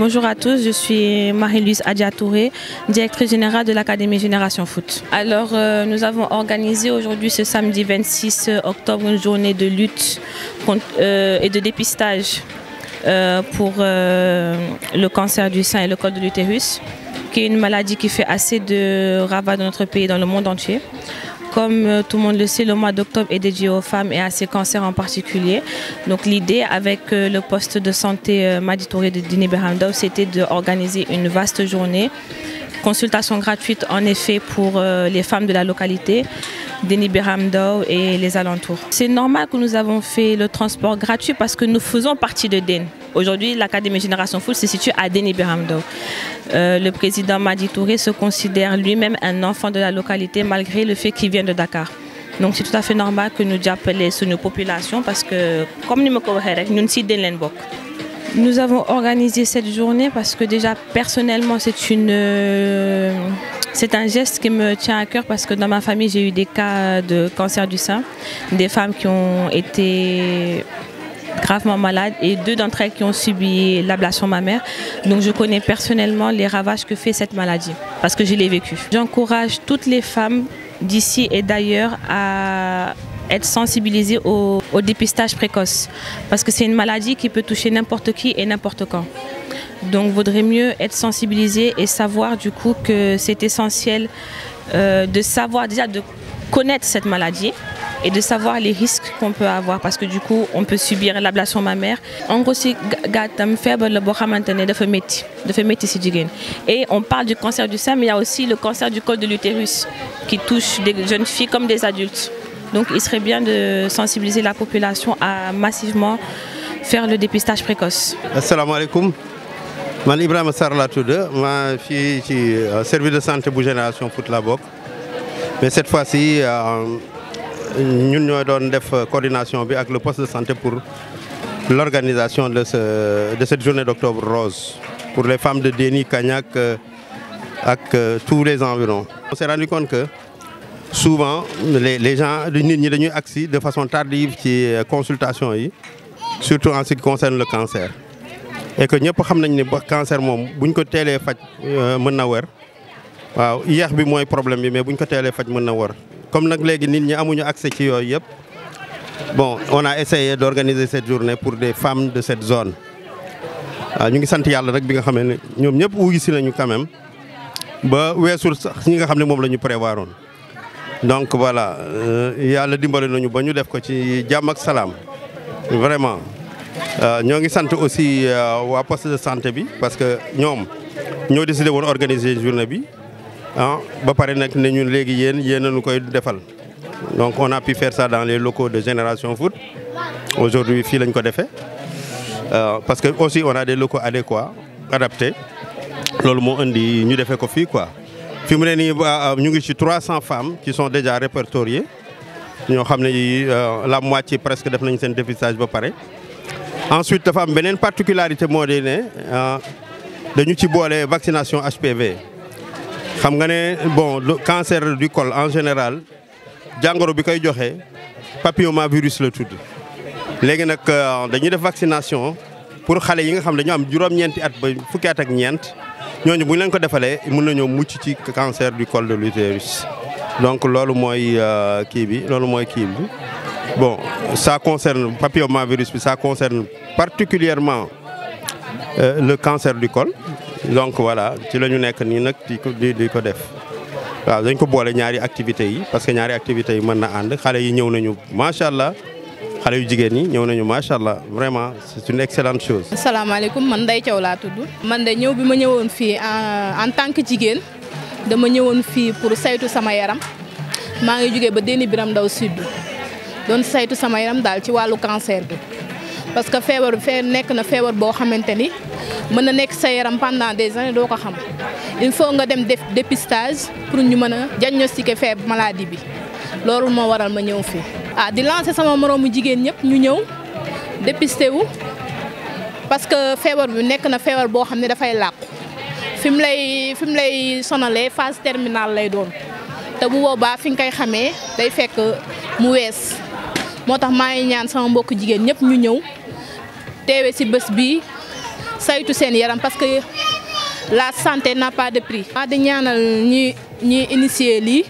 Bonjour à tous, je suis marie louise Adiatouré, directrice générale de l'Académie Génération Foot. Alors, euh, nous avons organisé aujourd'hui, ce samedi 26 octobre, une journée de lutte euh, et de dépistage euh, pour le cancer du sein et le col de l'utérus, qui est une maladie qui fait assez de ravages dans notre pays et dans le monde entier. Comme euh, tout le monde le sait, le mois d'octobre est dédié aux femmes et à ces cancers en particulier. Donc l'idée avec euh, le poste de santé euh, Maditouré de Dini était c'était d'organiser une vaste journée consultation gratuite en effet pour les femmes de la localité, Denis et les alentours. C'est normal que nous avons fait le transport gratuit parce que nous faisons partie de DEN. Aujourd'hui, l'Académie Génération full se situe à Denis euh, le président Madi Touré se considère lui-même un enfant de la localité malgré le fait qu'il vient de Dakar. Donc c'est tout à fait normal que nous appelions sur nos populations parce que, comme nous nous sommes Nous avons organisé cette journée parce que déjà personnellement c'est une... Euh, c'est un geste qui me tient à cœur parce que dans ma famille, j'ai eu des cas de cancer du sein, des femmes qui ont été gravement malades et deux d'entre elles qui ont subi l'ablation mammaire. Donc je connais personnellement les ravages que fait cette maladie parce que je l'ai vécu. J'encourage toutes les femmes d'ici et d'ailleurs à être sensibilisées au dépistage précoce parce que c'est une maladie qui peut toucher n'importe qui et n'importe quand. Donc vaudrait mieux être sensibilisé et savoir du coup que c'est essentiel euh, de savoir déjà de connaître cette maladie et de savoir les risques qu'on peut avoir parce que du coup on peut subir l'ablation mammaire en gros gatam gàttam de la et on parle du cancer du sein mais il y a aussi le cancer du col de l'utérus qui touche des jeunes filles comme des adultes donc il serait bien de sensibiliser la population à massivement faire le dépistage précoce alaikum. Je Ibrahima Ibrahim laa je suis au service de santé la génération foot mais cette fois-ci nous avons donné la coordination avec le poste de santé pour l'organisation de cette journée d'octobre rose pour les femmes de Déni Cagnac et euh, euh, tous les environs. on s'est rendu compte que souvent les gens n'ont ñi accès de façon tardive ci euh, consultation surtout en ce qui concerne le cancer et que ñëpp xam nañ ni ba cancer mom buñ ko télé fajj euh, mëna na wër waaw yéex bi moy problème bi mais buñ ko télé fajj mëna na wër comme nak légui nit ñi amuñu accès ci yooyu yëpp bon on a essayé d'organiser cette journée pour des femmes de cette zone. waaw ñu ngi sant yalla rek bi nga xamé ne ñoom ñëpp wuyu si lañu quand même ba weesul sax ñi nga xamné mom lañu la donc voilà euh, yalla dimbalé nañu ba ñu def ko ci jàmm ak salam vraiment. Euh, nous sommes aussi euh, waa poste de santé parce que nous avons décidé d'organiser organiser journée bi avons ah, ba donc on a pu faire ça dans les locaux de Génération Foot aujourd'hui nous lañ ko euh, parce que aussi on a des locaux adéquats adaptés Nous ce indi ñu nous avons fait quoi 300 femmes qui sont déjà répertoriées Nous avons la moitié presque def nañ dépistage ensuite dafa am beneen particularité moo di ne ah, dañu ci boole vaccination HPV xam nga ne bon cancer du col en général jàngoro bi koy joxe papillomavirus le tudd. léegi nag euh, dañuy def vaccination pour xale yi nga xam dañu am juróom-ñeenti at ba fukki at ak ñeent ñooñu bu ñu leen ko defalee mën nañoo mucc ci cancer du col de l'utérus donc loolu mooy euh, kii bi loolu mooy kii bi. Bon, ça concerne, papillomavirus, ça concerne particulièrement euh, le cancer du col. Donc voilà, ci la ñu nekk nii nag di ko di ko def waaw dañ ko boole ñaari activités yi parce que ñaari activités yi mën na ànd xale yi ñëw nañu macha allah yu jigéen ñi ñëw nañu macha vraiment c'est une excellente chose. asalaamaaleykum man Ndeye Thiaw laa tudd. man de ñëw bi ma ñëwoon fii en tant que jigéen dama ñëwoon fii pour saytu sama yaram maa ngi jógee ba Déni Biram Ndaw Sud doon saytu sama yaram dal ci walu cancer bi parce que feebar bi nek na feebar bo xamanteni ni mën na nekk sa yaram pendant des années do ko xam il faut nga dem def dépistage pour ñu mën diagnostiquer feebar maladie bi loolu mo waral ma ñew fi ah di lancer sama moroomu jigen ñep ñu ñew dépister wu parce que feebar bi nek na feebar bo xam ne dafay làqu fi mu lay fim lay sonalé phase terminale lay doon te bu boobaa fi ngay xamé day fekk mu wess motax tax ngi ñaan sama mbokk jigen ñep ñu ñew téwé ci bëss bi saytu seen yaram parce que la santé n'a pas de prix. ma di ñaanal ñi ñi initié li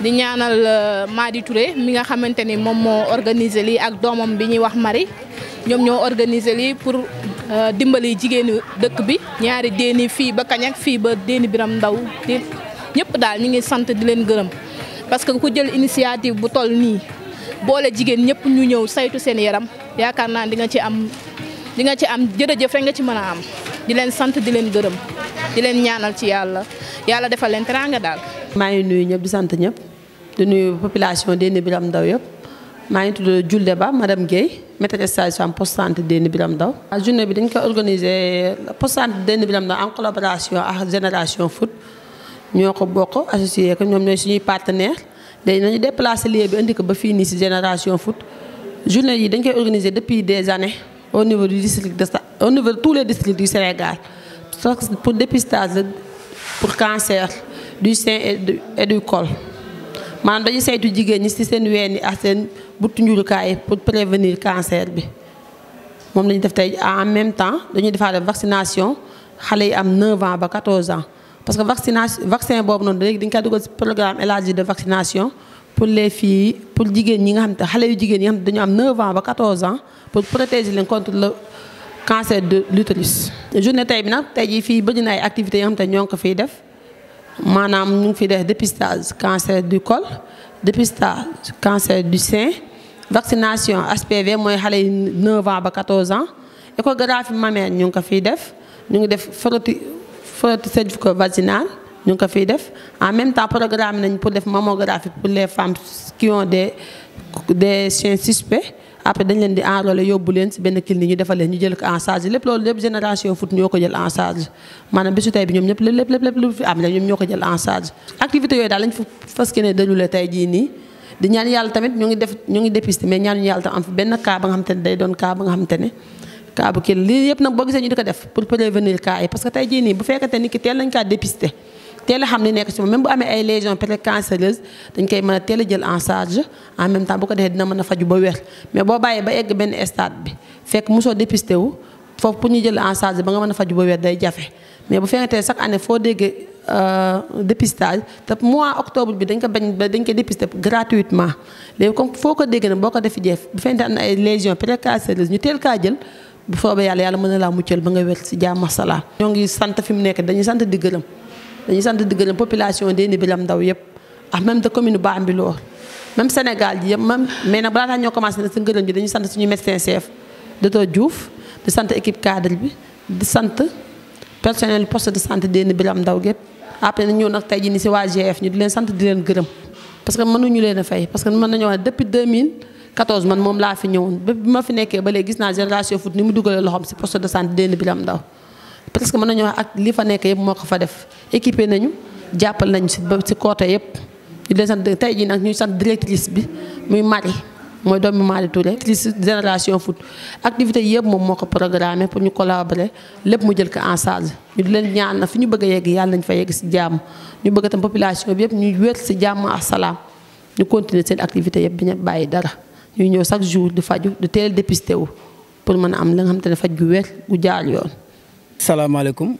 di ñaanal euh, Madi Touré mi nga xamanteni ni mo organiser li ak domam bi ñi wax mari ñom ñoo organiser li pour euh, dimbali jigéenu dëkk bi ñaari déeni fi ba kañak fi ba déeni biram ndaw ñep daal ñi ngi sante di leen gëreum parce que ku jël initiative bu toll ni boole jigéen ñëpp ñu ñëw saytu seen yaram yaakaar naa di nga ci am di nga ci am jërëjëf rek nga ci mën a am di leen sant di leen gërëm di leen ñaanal ci yàlla yàlla defal leen teraanga daal. maa ngi nuyu ñëpp di sant ñëpp di nuyu population Déni Biram Ndao yëpp maa ngi tudd Julde Ba ma dem maîtresse sage-femme poste santé Déni Biram Ndao. Ah, bi dañ ko organisé poste santé Déni Biram Ndao en collaboration ak Génération Foot ñoo ko bokk associé ko ñoom ñooy suñuy partenaire dañu déplacé lieu bi andi ko ba fini génération foot journée yi dañ koy organiser depuis des années au niveau du district de au niveau tous les districts du Sénégal pour dépistage pour cancer du sein et du col maanaam dañu saytu jigéen ñi des seen pour prévenir le cancer bi def en même temps dañuy la vaccination xalé am 9 ans ba 14 ans parce que vaccination vaccin est noonu léegi dañ koy dugal programme élargi de vaccination pour les filles pour les filles nga xam les filles 9 ans ba 14 ans pour protéger contre le cancer de l'utérus. Je ne sais pas si jii fii des ay activités yoo dépistage cancer du col dépistage cancer du sein vaccination HPV moi, xale 9 ans ba 14 ans échographie mammaire ñu ngi ko fiy def ñu def frottis cervico-vaginal ñu ngi ko fiy def en même temps programme nañ pour def mammographie pour les femmes qui ont des des chiens suspects après dañ leen di enrôler yóbbu leen si benn clinique ñu defal leen ñu jël ko en lépp loolu lépp génération foot ñoo ko jël en charge maanaam bisu tey bi ñoom ñëpp lépp lépp lépp lu am rek ñoom ñoo ko jël en charge. yooyu daal lañ fa fas yéene déroulé tey jii ngi def ñu ngi dépister mais ñaanuñu yàlla benn cas ba nga xamante ne day doon cas ba nga xamante ne. cas bu kenn lii yëpp nag boo gisee ñu di ko def pour prévenir cas yi parce que tey jii nii bu fekkente ni ki teel nañ kaa dépister teel a xam li nekk ci moom même bu amee ay lésions peut-être cancéreuses dañ koy mën a teel a jël en charge en même temps bu ko defee dina mën a faju ba wér mais boo bàyyee ba egg benn stade bi fekk mosoo dépister wu foofu pour ñu jël en charge ba nga mën a faju ba wér day jafe mais bu fekkente chaque année foo déggee euh, dépistage te mois octobre bi dañ ko bañ dañ koy dépister gratuitement léegi comme foo ko déggee nag boo ko defi jeef bu fekkente am na ay lésions peut-être cancéreuses ñu teel kaa jël bu soobee yàlla yàlla mën na laa muccal ba nga wér si jàmm salaam. ñoo ngi sant fi mu nekk dañuy sant di gërëm dañuy sant di gërëm population Déni Birame Ndao yëpp ah même de commune Bambilor même ji yëpp même mais nag balaa ñoo commencé nag si ngërëm ji dañuy sant suñu médecin chef docteur Diouf di sant équipe cadre bi di sant personnel poste de santé Déni Birame ndaw gépp après na ñëw nag tey jii ni si waa GF ñu di leen sant di leen gërëm parce que mënuñu leen a fay parce que mën nañoo wax depuis 2000 14 man moom laa fi ñëwoon ba bi ma fi nekkee ba léegi gis naa génération foot ni mu dugalee loxoom si poste de santé dénn bi ndaw parce que mën nañu wax ak li fa nekk yëpp moo ko fa def équipé nañu jàppal nañu si ba si côté yëpp ñu sant tey jii nag ñuy sant directrice bi muy Marie mooy doomi Marie Touré directrice génération foot activité yëpp moom moo ko programmé pour ñu collaborer lépp mu jël ko en charge ñu di leen ñaan na fi ñu bëgg a yegg yàlla nañu fa yegg si jàmm ñu bëgg tam population bi yëpp ñu wér si jàmm ak salaam ñu continuer seen activité yëpp bi ñ bàyyi dara ñuy ñëw chaque jour di faju di teel dépisté wu pour mën a am la nga xam te ne faj gu wér gu jaar yoon. salaamaaleykum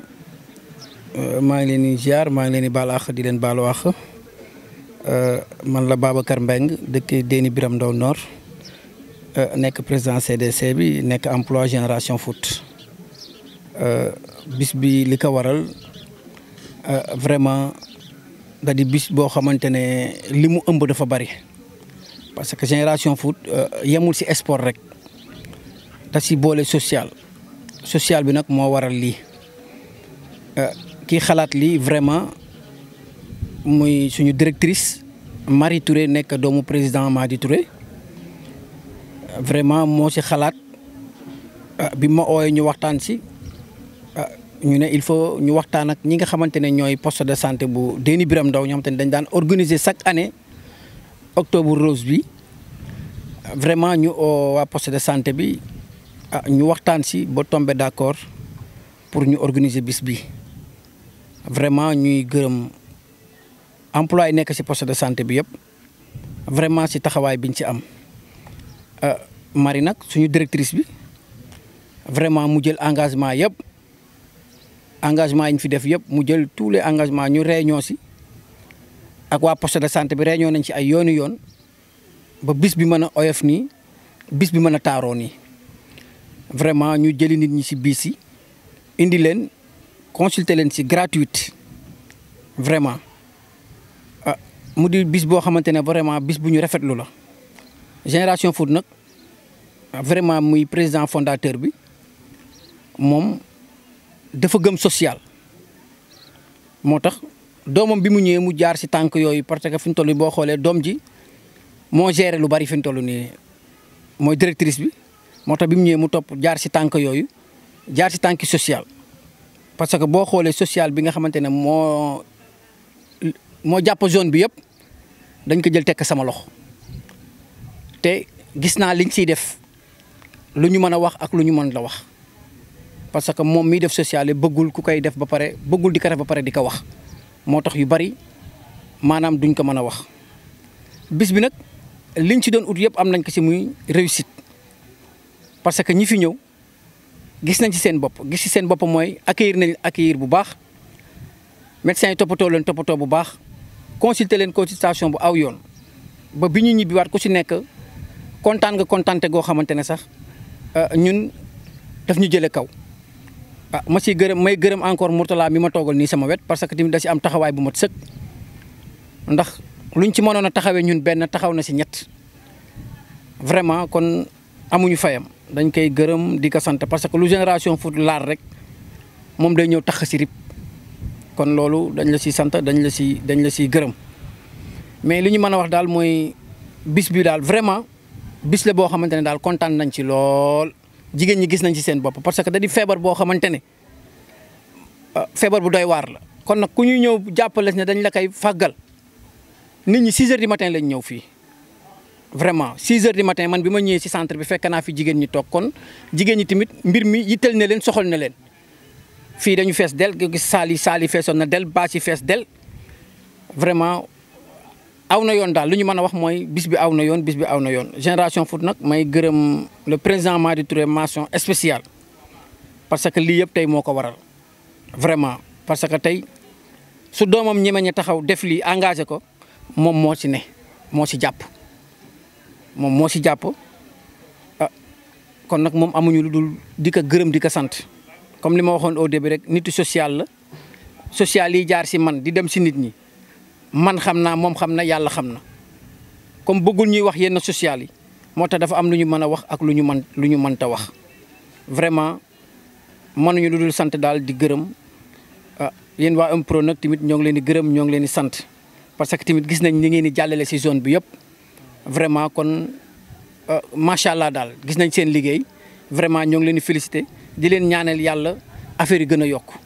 euh, maa ngi leen di maa ngi leen di baalu àq di leen baalu euh, man la Babacar Mbengue dëkk Déni Biram Ndaw noor euh, nekk président CDC bi nekk emploi génération foot bis bi li ko waral vraiment da di bis boo xamante ne li mu ëmb dafa bari. parce que génération foot euh, yamul ci sport rek da ci bolé social social bi nak mo waral lii euh, kii xalat li vraiment muy suñu directrice Marie Touré nek doomu président Madi Touré vraiment mo ci xalat euh, bi ma ooyee ñu waxtaan ci ñu né il faut ñu waxtaan ak ñi nga xamante ne ñooy poste de santé bu Déni Biram Ndaw ñoo xamante dañ daan organiser chaque année. octobre rose bi vraiment ñu oo euh, waa poste de santé bi ah ñu waxtaan si ba tombé d'accord pour ñu organiser bis bi vraiment ñuy gërëm emploi nekk si poste de santé bi yëpp vraiment si taxawaay bi biñ si am euh, mari nag suñu directrice bi vraiment mu jël engagement yëpp engagement yi fi def yëpp mu jël tous les engagement ñu réunion si ak waa poste de santé bi réunion nañ ci ay yoonu yoon ba bis bi mën a oyof nii bis bi mën a taaroo nii vraiment ñu jëli nit ñi ci bis yi indi leen consulter leen ci gratuite vraiment ah mu di bis boo xamante ne vraiment bis bu ñu rafetlu la Génération Foot nag ah, vraiment muy président fondateur bi moom dafa gëm social moo tax domam bi mu ñëwee mu jaar ci tank yoy parce que fi tollu bo xolé dom ji mo gérer lu bari fi mu ni moy directrice bi motax bi mu ñëwee mu top jaar ci tank yoy jaar si tank social. parce que bo xolé social bi nga xamantene mo mo japp zone bi yépp dañ ko jël tek sama lox te gis na liñ siy def lu ñu wax ak lu ñu mën la wax parce que mom mi def social bëggul ku koy def ba paré bëggul di ko def ba paré di ko wax. moo tax yu bari maanaam duñ ko mën a wax bis bi nag liñ ci doon ut yëpp am nañ ko ci muy réussite parce que ñi fi ñëw gis nañ ci seen bopp gis ci seen bopp mooy accueillir nañ accueillir bu baax médecins yi toppatoo leen toppatoo bu baax consulter leen consultation bu aw yoon ba bi ñu ñibbiwaat ku ci nekk kontaan nga kontaante goo xamante ne sax euh, ñun daf ñu jëlee kaw. Masih ma ci gërëm may gërëm encore Murtala mi ma togal ni sama wet parce que tim da ci am taxaway bu mat seuk ndax luñ ci nyun ben, taxawee ñun ben taxaw na ci ñett vraiment kon amuñu fayam dañ koy gërëm di ko sant parce que lu génération foot lar rek mom day ñew tax ci rip kon lolu dañ la ci sante dañ la ci dañ la ci gërëm mais li mëna wax dal moy bis bi dal vraiment bis la bo xamantene dal daal nañ ci lool. jigéen ñi gis nañ ci seen bopp parce que da feebar boo xamante ne ah, feebar bu doy waar la kon nag ku ñuy ñëw jàppale ne dañ la koy faggal nit ñi 6 heures du matin lañ ñëw fii vraiment 6 heures du matin man bi ma ñëwee ci centre bi fekk naa fi jigéen ñi toog kon jigéen ñi tamit mbir mi yittal na leen soxal na leen fii dañu fees del gis saal yi saal yi feesoon na del baa yi fees del vraiment aw na yoon daal lu ñu mën a wax mooy bis bi aw na yoon bis bi aw na yoon génération foot nag may gërëm le président Madi Touré mention spéciale parce que lii yëpp tey moo ko waral vraiment parce que tey su doomam ñemee ñu taxaw def lii engagé ko moom moo si ne moo si jàpp moom moo si jàpp ah, kon nag moom amuñu lu dul di ko gërëm di ko sant comme li ma waxoon au début rek nitu sociale la social yi jaar si man di dem si nit ñi. man xam naa moom xam na yàlla xam na comme bëggul ñuy wax yenn social yi moo tax dafa am lu ñu mën a wax ak lu ñu mën lu ñu mënta wax vraiment mënuñu lu dul sant daal di gërëm ah yéen waa Impro nag tamit ñoo ngi leen di gërëm ñoo ngi leen di sant parce que tamit gis nañ ni ngeen di jàllale si zone bi yëpp vraiment kon ah, macha allah daal gis nañ seen liggéey vraiment ñoo ngi leen di félicité di leen ñaanal yàlla affaire yi gën a yokk